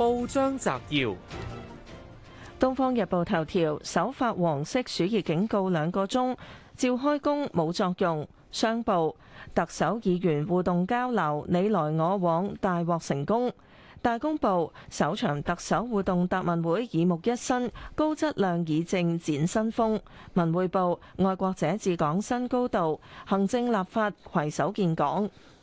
報章摘要：《東方日報》頭條，首發黃色暑熱警告兩個鐘，照開工冇作用。商報：特首議員互動交流，你來我往，大獲成功。大公報：首場特首互動答問會耳目一新，高質量議政展新風。文匯報：愛國者治港新高度，行政立法攜手建港。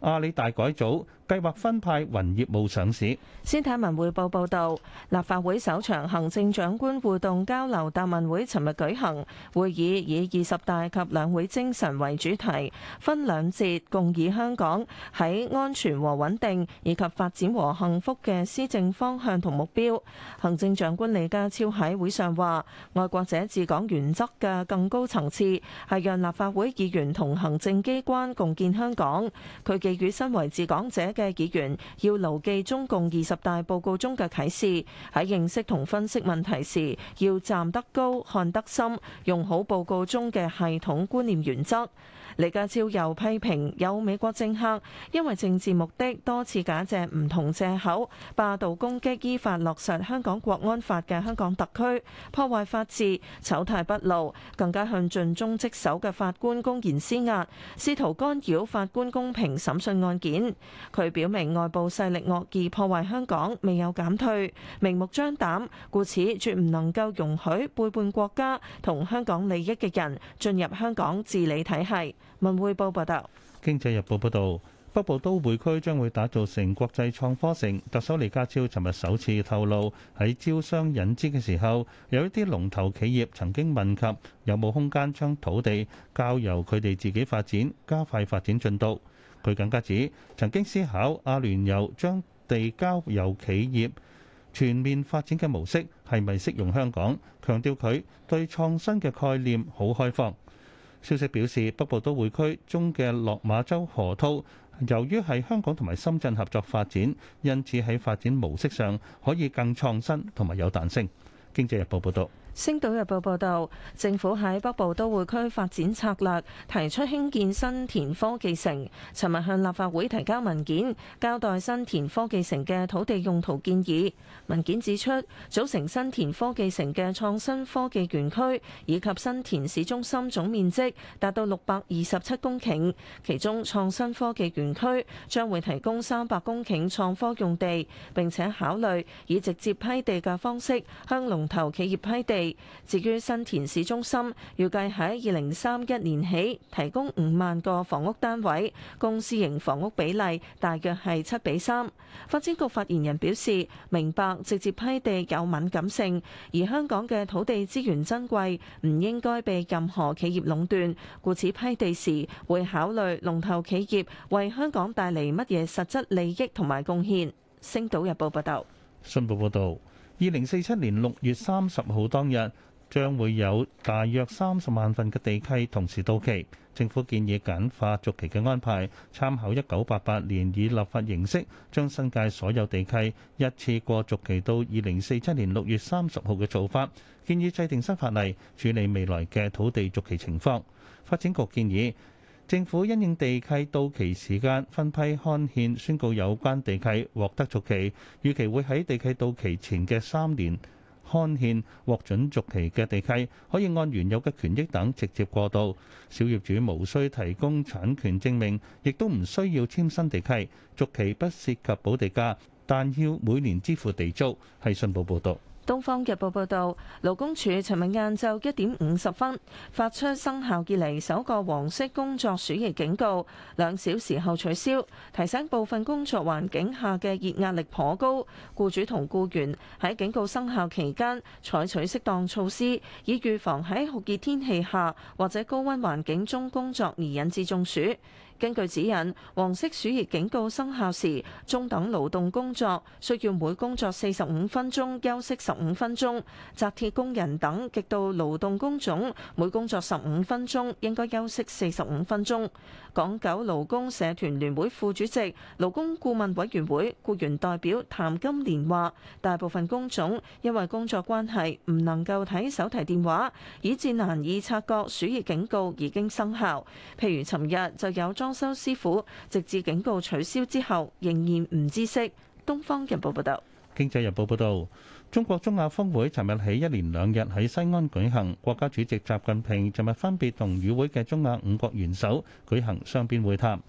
阿里、啊、大改組計劃分派雲業務上市。先睇文匯報報道，立法會首場行政長官互動交流答問會尋日舉行，會議以二十大及兩會精神為主題，分兩節共議香港喺安全和穩定以及發展和幸福嘅施政方向同目標。行政長官李家超喺會上話，愛國者治港原則嘅更高層次係讓立法會議員同行政機關共建香港。佢嘅地主身為治港者嘅議員，要牢記住中共二十大報告中嘅啟示，喺認識同分析問題時，要站得高、看得深，用好報告中嘅系統觀念原則。李家超又批評有美國政客因為政治目的，多次假借唔同藉口，霸道攻擊依法落實香港國安法嘅香港特區，破壞法治、醜態畢露，更加向盡忠職守嘅法官公然施壓，試圖干擾法官公平審信案件，佢表明外部勢力惡意破壞香港，未有減退，明目張膽，故此絕唔能夠容許背叛國家同香港利益嘅人進入香港治理體系。文匯報報道，《經濟日報》報道，北部都會區將會打造成國際創科城。特首李家超尋日首次透露喺招商引資嘅時候，有一啲龍頭企業曾經問及有冇空間將土地交由佢哋自己發展，加快發展進度。佢更加指曾經思考阿聯酋將地交由企業全面發展嘅模式係咪適用香港？強調佢對創新嘅概念好開放。消息表示，北部都會區中嘅落馬洲河套，由於係香港同埋深圳合作發展，因此喺發展模式上可以更創新同埋有彈性。經濟日報報導。星島日報報導，政府喺北部都會區發展策略，提出興建新田科技城，尋日向立法會提交文件，交代新田科技城嘅土地用途建議。文件指出，組成新田科技城嘅創新科技園區以及新田市中心總面積達到六百二十七公頃，其中創新科技園區將會提供三百公頃創科用地，並且考慮以直接批地嘅方式向龍頭企業批地。至於新田市中心，預計喺二零三一年起提供五萬個房屋單位，公私營房屋比例大約係七比三。發展局發言人表示，明白直接批地有敏感性，而香港嘅土地資源珍貴，唔應該被任何企業壟斷，故此批地時會考慮龍頭企業為香港帶嚟乜嘢實質利益同埋貢獻。星島日報報道。新報報導。二零四七年六月三十號當日，將會有大約三十萬份嘅地契同時到期。政府建議簡化續期嘅安排，參考一九八八年以立法形式將新界所有地契一次過續期到二零四七年六月三十號嘅做法，建議制定新法例處理未來嘅土地續期情況。發展局建議：政府因應地契到期時間分批刊憲，宣告有關地契獲得續期。預期會喺地契到期前嘅三年刊憲獲准續期嘅地契，可以按原有嘅權益等直接過渡，小業主無需提供產權證明，亦都唔需要簽新地契。續期不涉及補地價，但要每年支付地租。係信報報導。《東方日報》報導，勞工處尋日晏晝一點五十分發出生效以嚟首個黃色工作暑熱警告，兩小時後取消，提醒部分工作環境下嘅熱壓力頗高，僱主同僱員喺警告生效期間採取適當措施，以預防喺酷熱天氣下或者高溫環境中工作而引致中暑。根據指引，黃色暑熱警告生效時，中等勞動工作需要每工作四十五分鐘休息十五分鐘；紮鐵工人等極度勞動工種，每工作十五分鐘應該休息四十五分鐘。港九勞工社團聯會副主席、勞工顧問委員會僱員代表譚金蓮話：大部分工種因為工作關係唔能夠睇手提電話，以致難以察覺暑熱警告已經生效。譬如尋日就有裝裝修師傅直至警告取消之後仍然唔知悉。東方日報報道，經濟日報報道，中國中亞峰會尋日起一連兩日喺西安舉行，國家主席習近平尋日分別同與會嘅中亞五國元首舉行雙邊會談。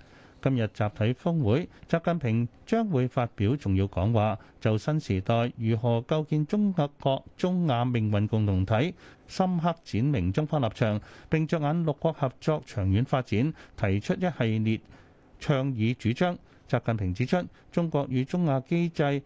今日集體峯會，習近平將會發表重要講話，就新時代如何構建中國中亞命運共同體，深刻展明中方立場，並着眼六國合作長遠發展，提出一系列倡議主張。習近平指出，中國與中亞機制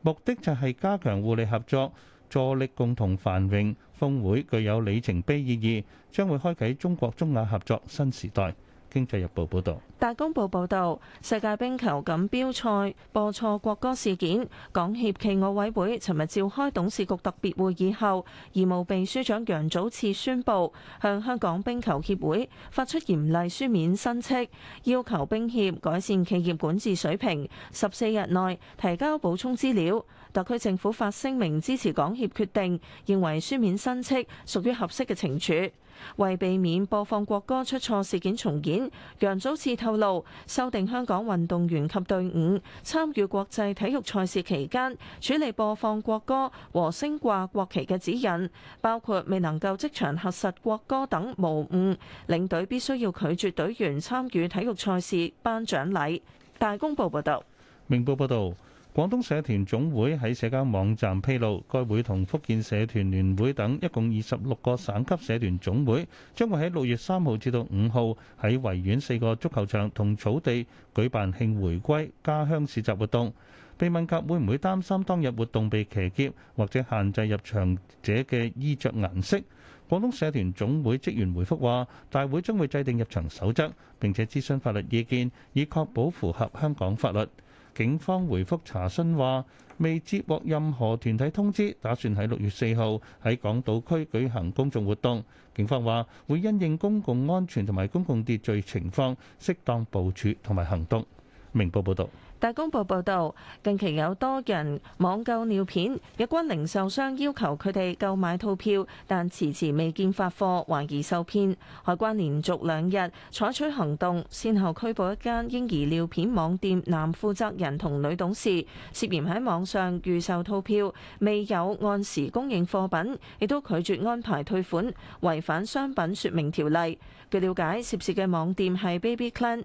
目的就係加強互利合作，助力共同繁榮。峯會具有里程碑意義，將會開啟中國中亞合作新時代。經濟日報報導，大公報報導，世界冰球錦標賽播錯國歌事件，港協暨奧委會尋日召開董事局特別會議後，義務秘書長楊祖次宣布向香港冰球協會發出嚴厲書面申斥，要求冰協改善企業管治水平，十四日內提交補充資料。特區政府發聲明支持港協決定，認為書面申斥屬於合適嘅懲處，為避免播放國歌出錯事件重演。楊祖智透露，修訂香港運動員及隊伍參與國際體育賽事期間，處理播放國歌和升掛國旗嘅指引，包括未能夠即場核實國歌等無誤，領隊必須要拒絕隊員參與體育賽事頒獎禮。大公報報道，明報報道。廣東社團總會喺社交網站披露，該會同福建社團聯會等一共二十六個省級社團總會，將會喺六月三號至到五號喺維園四個足球場同草地舉辦慶回歸、家鄉市集活動。被問及會唔會擔心當日活動被騎劫或者限制入場者嘅衣着顏色，廣東社團總會職員回覆話，大會將會制定入場守則，並且諮詢法律意見，以確保符合香港法律。警方回覆查詢話，未接獲任何團體通知，打算喺六月四號喺港島區舉行公眾活動。警方話會因應公共安全同埋公共秩序情況，適當部署同埋行動。明報報道。大公報報導，近期有多人網購尿片，有關零售商要求佢哋購買套票，但遲遲未見發貨，懷疑受騙。海關連續兩日採取行動，先後拘捕一間嬰兒尿片網店男負責人同女董事，涉嫌喺網上預售套票，未有按時供應貨品，亦都拒絕安排退款，違反商品説明條例。據了解，涉事嘅網店係 Baby Clan。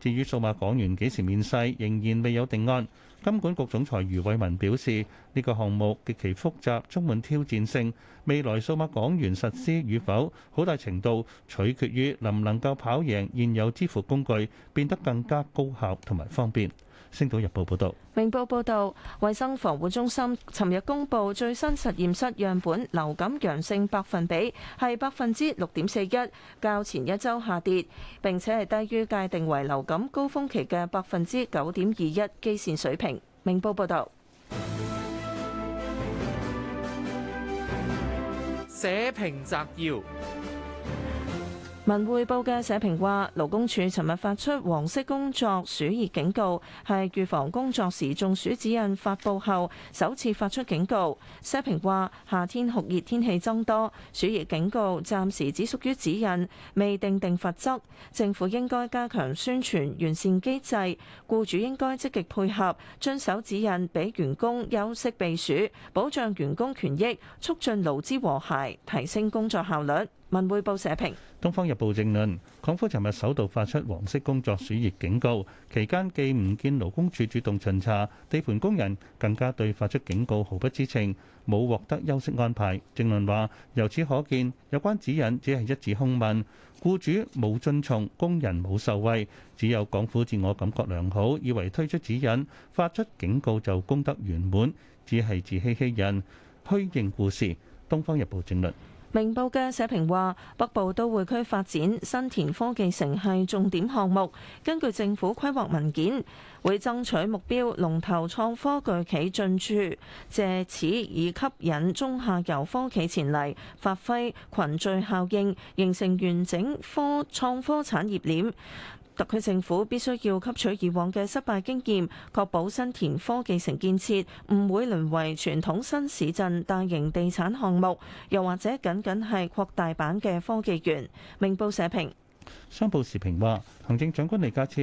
至於數碼港元幾時面世，仍然未有定案。金管局總裁余偉文表示，呢個項目極其複雜，充滿挑戰性。未來數碼港元實施與否，好大程度取決於能唔能夠跑贏現有支付工具，變得更加高效同埋方便。星島日報報道，明報報道，衛生防護中心尋日公布最新實驗室樣本流感陽性百分比係百分之六點四一，較前一周下跌，並且係低於界定為流感高峰期嘅百分之九點二一基線水平。明報報道，社評摘要。文匯報嘅社評話，勞工處尋日發出黃色工作暑熱警告，係預防工作時中暑指引發布後首次發出警告。社評話，夏天酷熱天氣增多，暑熱警告暫時只屬於指引，未定定法則。政府應該加強宣傳，完善機制，僱主應該積極配合，遵守指引，俾員工休息避暑，保障員工權益，促進勞資和諧，提升工作效率。文匯報社評，《東方日報》政論：港府尋日首度發出黃色工作暑熱警告，期間既唔見勞工處主動巡查，地盤工人更加對發出警告毫不知情，冇獲得休息安排。政論話：由此可見，有關指引只係一紙空文，僱主冇遵從，工人冇受惠，只有港府自我感覺良好，以為推出指引、發出警告就功德圓滿，只係自欺欺人、虛應故事。《東方日報》政論。明報嘅社評話，北部都會區發展新田科技城係重點項目，根據政府規劃文件，會爭取目標龍頭創科巨企進駐，借此以吸引中下游科企前嚟，發揮群聚效應，形成完整科創科產業鏈。特區政府必須要吸取以往嘅失敗經驗，確保新田科技城建設唔會淪為傳統新市鎮大型地產項目，又或者僅僅係擴大版嘅科技園。明報社評。商報時評話，行政長官李家超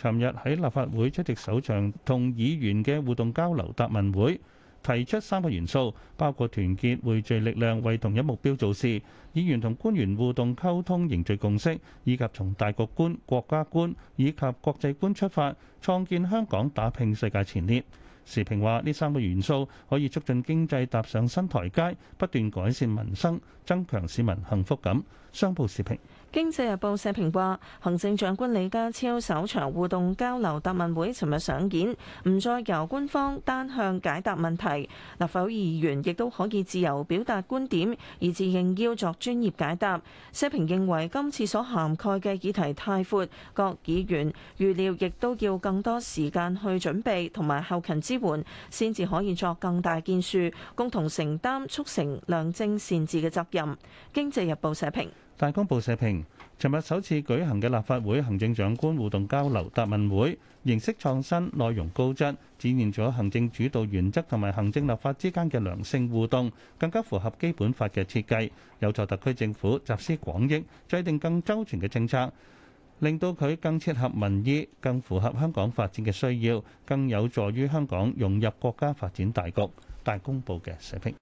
尋日喺立法會出席首場同議員嘅互動交流答問會。提出三個元素，包括團結匯聚力量，為同一目標做事；議員同官員互動溝通，凝聚共識，以及從大局觀、國家觀以及國際觀出發，創建香港打拼世界前列。時評話：呢三個元素可以促進經濟踏上新台階，不斷改善民生，增強市民幸福感。商報時評。經濟日報社評話，行政長官李家超首場互動交流答問會，尋日上演，唔再由官方單向解答問題，立法會議員亦都可以自由表達觀點，而自認要作專業解答。社評認為今次所涵蓋嘅議題太闊，各議員預料亦都要更多時間去準備同埋後勤支援，先至可以作更大建樹，共同承擔促成良政善治嘅責任。經濟日報社評。大公報社評：尋日首次舉行嘅立法會行政長官互動交流答問會，形式創新，內容高質，展現咗行政主導原則同埋行政立法之間嘅良性互動，更加符合基本法嘅設計，有助特區政府集思廣益，制定更周全嘅政策，令到佢更切合民意，更符合香港發展嘅需要，更有助於香港融入國家發展大局。大公報嘅社評。